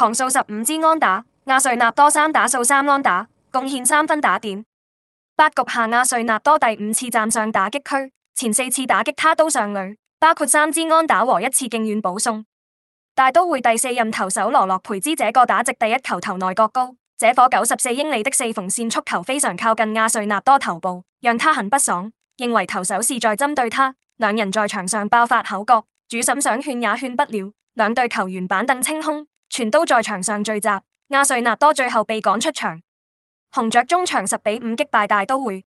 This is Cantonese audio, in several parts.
狂掃十五支安打，亞瑞納多三打數三安打，貢獻三分打點。八局下亞瑞納多第五次站上打擊區，前四次打擊他都上壘，包括三支安打和一次敬遠保送。大都會第四任投手羅洛培茲這個打直第一球投內角高，這顆九十四英里的四縫線速球非常靠近亞瑞納多頭部，讓他很不爽，認為投手是在針對他。兩人在場上爆發口角，主審想勸也勸不了，兩隊球員板凳清空。全都在場上聚集，亞瑞納多最後被趕出場，紅雀中場十比五擊敗大都會。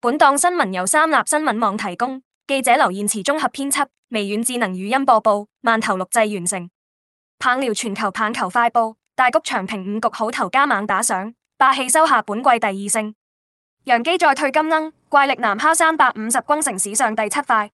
本檔新聞由三立新聞網提供，記者劉彥慈綜合編輯，微軟智能語音播報，饅頭錄製完成。棒聊全球棒球快報，大谷長平五局好投加猛打賞，霸氣收下本季第二勝。楊基再退金鶯，怪力南哈三百五十攻成史上第七快。